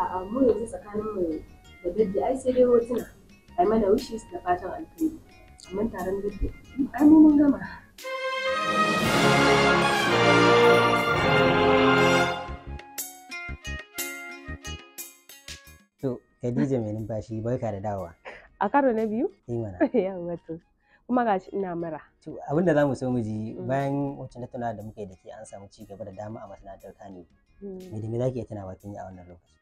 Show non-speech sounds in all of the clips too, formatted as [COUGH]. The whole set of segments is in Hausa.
A'a mu yanzu tsakanin mu da daddi ai sai dai hotuna. Ai mana wishes da fatan alkhairi. Amma taron daddi ai mu mun gama. To, Khadija mai numfashi barka da dawowa. A karo na biyu? Yi eh mana. [LAUGHS] to. kuma ga ina mura. To abin da zamu so mu ji mm. bayan wacce tattaunawa da muke da ke an samu ci gaba da dama a masana'antar Kano. Mm. Me da me zaki iya tunawa kin yi a wannan lokaci?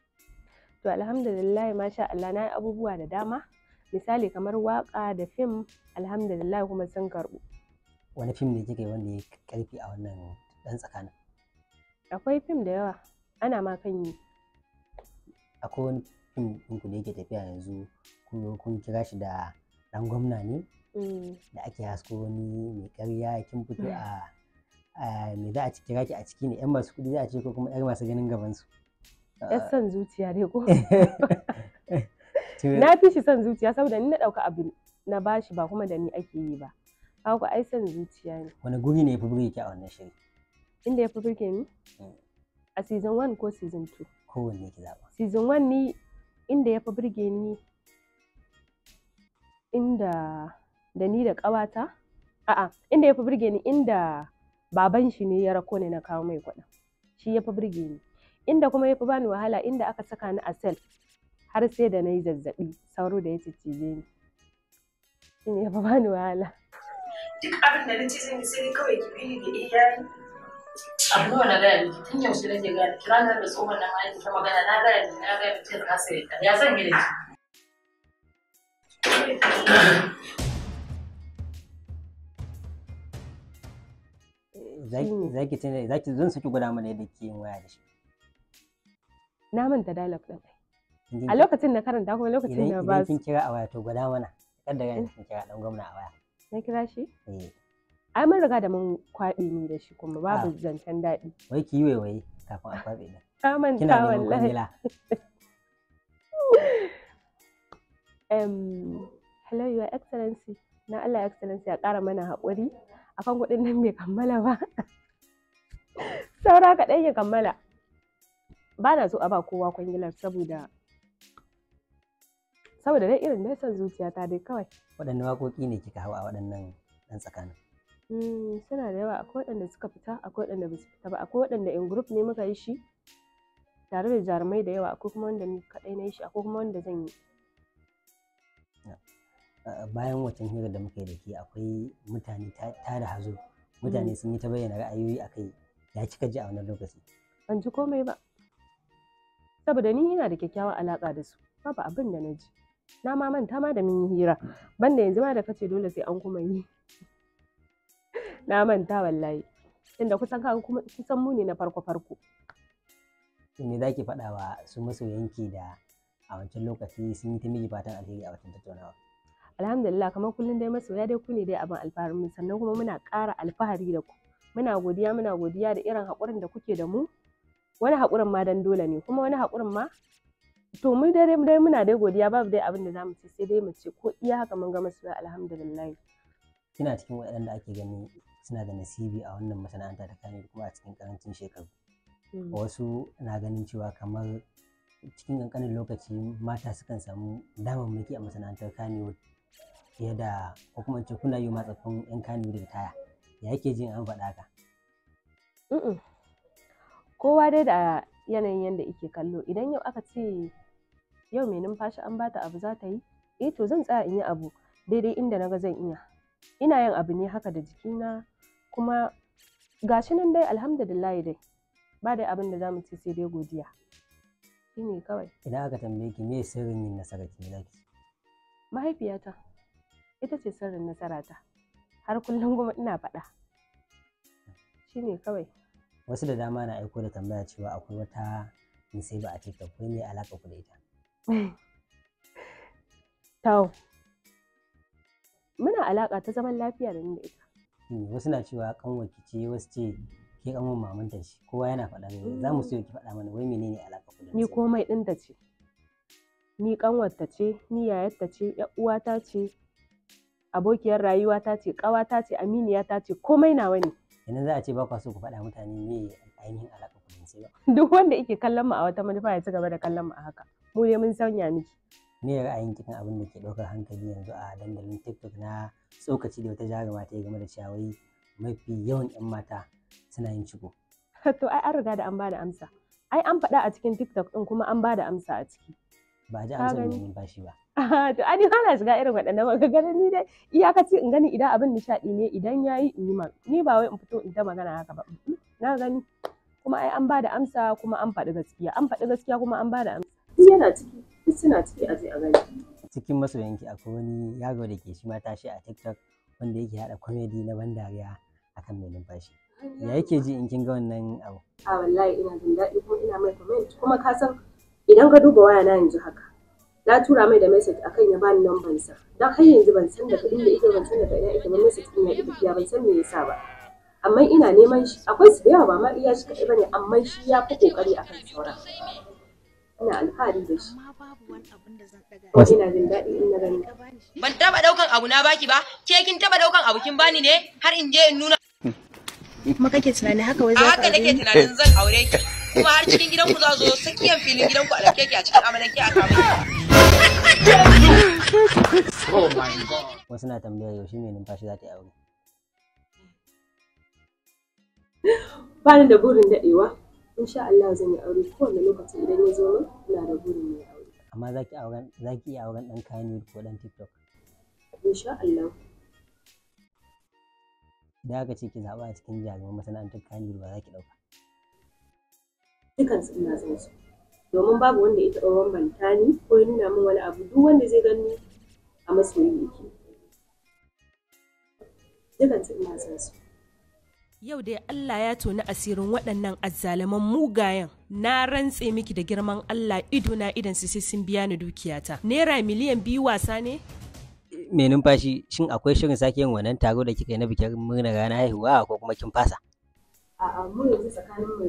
to alhamdulillah masha Allah na yi abubuwa da dama misali kamar waƙa da fim alhamdulillah kuma sun karɓu wani fim ne kika wanda ya karfi a wannan dan tsakanin akwai fim da yawa ana ma kan yi akwai wani fim ku ne yake tafiya yanzu kun kira shi da ɗan gwamna ne mm. da ake hasko wani mai karya kin fito mm. a me za a kira ki a ciki ne yan masu kuɗi za a ce ko kuma 'yar masu ganin gabansu Yar ah. son zuciya dai ko. [LAUGHS] Na fi shi son zuciya saboda ni na ɗauka abu na bashi ba kuma da ni ake yi ba. Haka ai son zuciya ne. Wani guri ne ya fi burge a wannan shiri? Inda ya fi burge ni? Hmm. A season one ko season 2? Kowanne ki zaɓa. Season one ni inda ya fi burge ni inda da ni da ƙawata. A'a, inda ya fi burge ni inda baban shi ne ya rako ne na kawo mai kwaɗa, Shi ya fi burge ni. inda kuma ya fi bani wahala inda aka saka ni a sel har sai da na yi zazzaɓi sauro da ya ciccije ni shi ya fi bani wahala duk abin da nace zan yi sai kawai ki bi da iyayen abu na gaya miki tun yaushe nake gaya kira ranar da tsohon nan ma ta magana na gaya miki na gaya miki ta kasa ya zan yi da ki zaki zan saki gwada mana yadda ke yin waya da shi na manta dialogue din a lokacin na karanta kuma lokacin na ba su kin kira a waya to gwada mana kada ga eh. kin kira dan gwamna a waya na kira shi eh ai mun riga da mun kwadi ni da shi kuma babu ah. zancen daɗi wai ki yi wai-wai kafin a kwaɓe ni ka [LAUGHS] manta wallahi um, [LAUGHS] hello your excellency na Allah excellency ya ƙara mana haƙuri akan kuɗin nan bai kammala ba [LAUGHS] saura kaɗan ya kammala ba na so a ba kowa kwangilar saboda saboda dai irin san zuciya zuciyata dai kawai waɗanne waƙoƙi ne kika hau a waɗannan ɗan tsakanin hmm, suna da yawa akwai waɗanda suka fita akwai waɗanda ba su fita ba akwai waɗanda in group ne muka yi shi tare da jarumai da yawa akwai kuma wanda ni kaɗai na yi shi akwai kuma wanda zan yi bayan waccan hirar da muka yi da ke akwai mutane ta da hazo mutane hmm. sun yi ta bayyana ra'ayoyi a kai ya cika ji a wannan lokaci ban ji komai ba saboda ni yana da kyakkyawan alaƙa da su babu abin da na ji na ma manta ma da mun yi hira banda yanzu ma da kace dole sai an kuma yi [LAUGHS] na manta wallahi inda kusan kaga kusan mu ne na farko farko me zaki faɗa wa su masoyanki da a wancan lokaci sun yi ta miji fatan alheri a wancan tattaunawa alhamdulillah kamar kullum dai masoya dai ku ne dai abin alfaharin sannan kuma muna ƙara alfahari da ku muna godiya muna godiya da irin haƙurin da kuke da mu wani haƙurin ma dan dole ne kuma wani haƙurin ma to mu dai dai muna dai godiya babu dai abin da zamu ci sai dai mu ce ko iya haka mun ga masu alhamdulillah kina cikin waɗanda ake gani suna da nasibi a wannan masana'anta ta kane kuma a cikin karancin shekaru hmm. wasu na ganin cewa kamar cikin kankanin lokaci mata sukan samu damammaki a masana'antar kanewood fiye da ko kuma ce kuna yi matsaffin yan kanewood da taya ya yake jin an faɗa ka kowa dai da yanayin yadda ike kallo idan yau aka ce yau mai numfashi an bata abu za ta yi eh to zan tsaya in yi abu daidai inda na ga zan iya ina yin abu ne haka da jikina kuma gashi nan dai alhamdulillahi dai ba dai abin da za mu ci sai dai godiya shi ne kawai idan aka tambaye ki me sirrin yin nasara ki na mahaifiyata ita ce sirrin nasarata har kullum kuma ina faɗa shi kawai wasu da dama na aiko da tambaya cewa akwai wata musiba a tiktok ko me alaka ku da ita [LAUGHS] tau muna alaka ta zaman lafiya da ni da ita hmm, wasu na cewa kanwarki ce wasu ce ke kanwar mamanta ce kowa yana faɗa mini za mu so ki faɗa mana wai menene alaka ku da ni komai ɗin ta ce ni kanwarta ce ni yayarta ce yar uwata ce abokiyar rayuwa ta ce ƙawata ce aminiya ta ce komai nawa ne kenan za a ce ba kwa so ku faɗa mutane me ainihin alaƙa ku sai ba [LAUGHS] duk wanda yake kallon mu a wata manufa ya ci gaba da kallon mu a haka mu ne mun sanya miki me ya ra'ayin kitan abin da ke ɗaukar hankali yanzu a dandalin tiktok na tsokaci da wata jaruma ta yi game da cewa wai mafi yawan 'yan mata suna yin ciko [LAUGHS] to ai an riga da an bada amsa ai an faɗa a cikin tiktok ɗin kuma an bada amsa a ciki ba a ji amsar mai numfashi ba [LAUGHS] to ani hana shiga irin waɗannan ganin ni dai iyakaci in gani idan abin nishaɗi ne idan yayi in yi ma. ni ba wai in fito in ta magana haka ba na gani kuma ai an bada amsa kuma an faɗi gaskiya an faɗi gaskiya kuma an bada amsa duk yana ciki duk suna ciki a je a gani cikin masoyanki akwai wani yaro da ke shi ma tashi a TikTok wanda yake haɗa comedy na ban dariya akan mai numfashi ya yake ji in kin ga wannan abu a wallahi ina jin daɗi kuma ina mai comment kuma ka san idan ka duba waya na yanzu haka na tura mai da message akan ya bani number sa dan har yanzu ban san da kudin da yake ban san da ina yake ban message din ya ki tafiya ban san me yasa ba amma ina neman shi akwai su da yawa ba ma iya shi kaɗai bane amma shi ya fi kokari akan sauran ina alfahari da shi ina jin daɗi in gani ban taba daukan abu na baki ba ke kin taba daukan abu kin bani ne har in je in nuna kuma kake tunani haka wai za ka haka nake tunanin zan aure ki kuma har cikin gidan ku za zo sakiyan filin gidan ku a dauke ki a cikin amalanke a kama oh wasu na tambayar yaushe mai numfashi za ta yi aure Ba ni da burin dadewa insha Allah zan yi aure kowane lokacin idan ya zo min ina da burin mai aure amma za ki iya auren ɗan kayan ko ɗan tiktok insha Allah da aka ce ki zaba a cikin jaruman masana'antar kayan ba za ki ɗauka. Dukan su ina zan su domin babu wanda ya taɓa bambanta ni ko ya nuna min wani abu duk wanda zai gani a masoyi yake su ina zan su Yau dai Allah ya toni asirin waɗannan azzalaman mugayen. Na rantse miki da girman Allah ido na idan su sai sun biya ni dukiyata. Naira miliyan biyu wasa ne? Me numfashi shin akwai shirin sake yin wannan taro da kika yi na bikin murnar ranar haihuwa ko kuma kin fasa? A'a mu yanzu tsakanin mu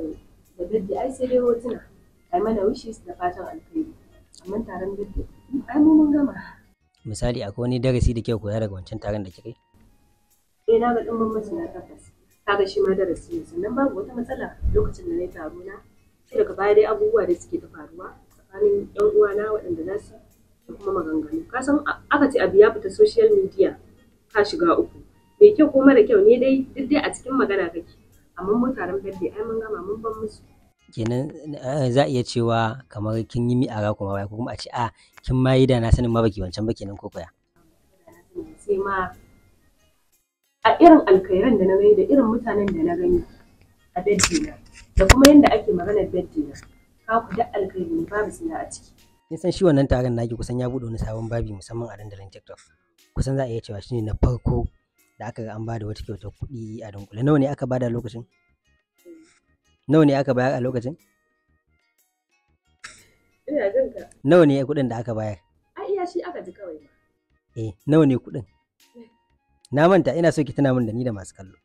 da ai sai dai hotuna ai mana wishes da fatan alkhairi amma taron ai mu gama misali akwai wani darasi da kyau koya daga wancan taron da kike eh na ga dimbin mace na tabbas kaga shi ma darasi ne sannan babu wata matsala lokacin da na yi taro na sai daga baya dai abubuwa da suke ta faruwa tsakanin yan uwana waɗanda na su da kuma maganganu ka san aka ce abu ya fita social media ka shiga uku mai kyau ko mara kyau ne dai duk dai a cikin magana kake amma mu taron birthday ai mun gama mun ban musu kenan eh, za a iya cewa kamar kin yi mi'ara kuma baya ko kuma a ce a ah, kin ma yi da na sanin ma baki wancan ba kenan ko koya sai ma a irin alkairan da na gani da irin mutanen da na gani a daddina da kuma yadda ake maganar daddina ka ku da alkairi babu suna a ciki kin san shi wannan taron naki kusan ya buɗe wani sabon babi musamman a dandalin TikTok kusan za a iya cewa shine na farko da aka ga an bada wata kyautar kuɗi a dunkule nawa ne aka ba da lokacin nawa ne aka bayar a lokacin ina jin ka nawa ne kuɗin da aka bayar a iya shi aka ji kawai eh nawa ne kuɗin na manta ina so ki tana min da ni da masu kallo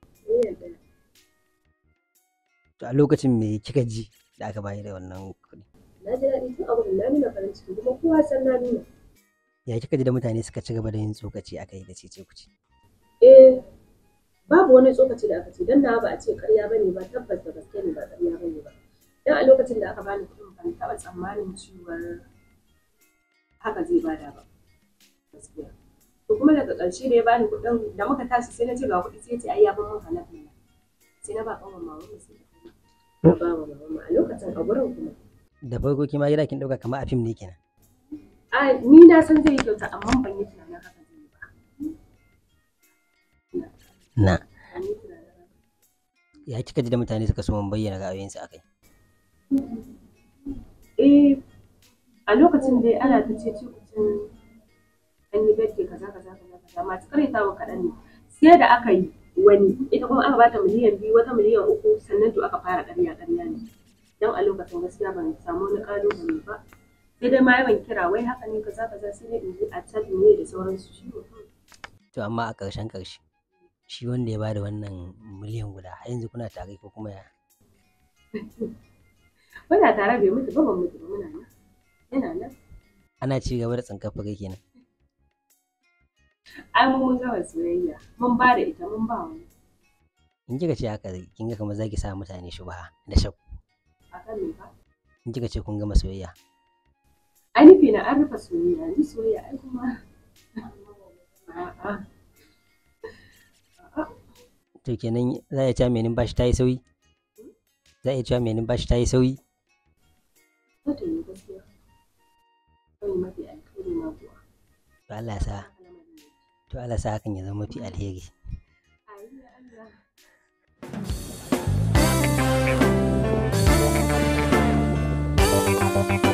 to a lokacin me kika ji da aka bayar da wannan kuɗi na ji daɗi tun abin na nuna farin ciki kuma kowa san na nuna ya kika ji da mutane suka ci gaba da yin tsokaci aka yi da cece kuce babu wani tsokaci da aka ce dan nawa ba a ce ƙarya bane ba tabbas da gaske ne ba ƙarya bane ba dan a lokacin da aka bani kuɗin ban taɓa tsammanin cewar haka zai bada ba gaskiya to kuma daga ƙarshe da ya bani kuɗin da muka tashi sai na ce ga kuɗi sai ce ai ya ban mun ne sai na ba ƙanwan mama sai na ba wa mama a lokacin a gurin kuma da farko kima gida kin ɗauka kamar a fim ne kenan a ni na san zai yi kyauta amma ban yi ta. na ya kika ji da mutane suka so mun bayyana ra'ayoyinsu akai eh a lokacin da ana ta ce ce kucin an yi bedke kaza kaza kaza kaza masu karyatawa kaɗan ne sai da aka yi wani ita kuma aka bata miliyan biyu wata miliyan uku sannan to aka fara ƙarya ƙarya ne Dan a lokacin gaskiya ban samu wani ƙalubale ba sai dai ma yawan kira wai haka ne kaza kaza sai dai in yi a chat ne da sauransu shi to amma a ƙarshen ƙarshe shi wanda ya bada wannan miliyan guda har yanzu kuna tare ko kuma ya [LAUGHS] muna tare bai mutu ba ban mutu ba muna nan ana ci gaba da tsinkar fure kenan [LAUGHS] ai mun mun gama soyayya mun ba da ita mun ba wani in kika ce haka kin ga kamar zaki sa mutane ba da shakku kan me ba? in kika ce kun gama soyayya ai nufi na an rufe soyayya ni soyayya ai kuma [LAUGHS] a'a to kenan za a cewa menin bashi ta yi sauyi za a cewa menin bashi ta yi sauyi to Allah sa to Allah sa hakan ya zama mafi alheri Thank you.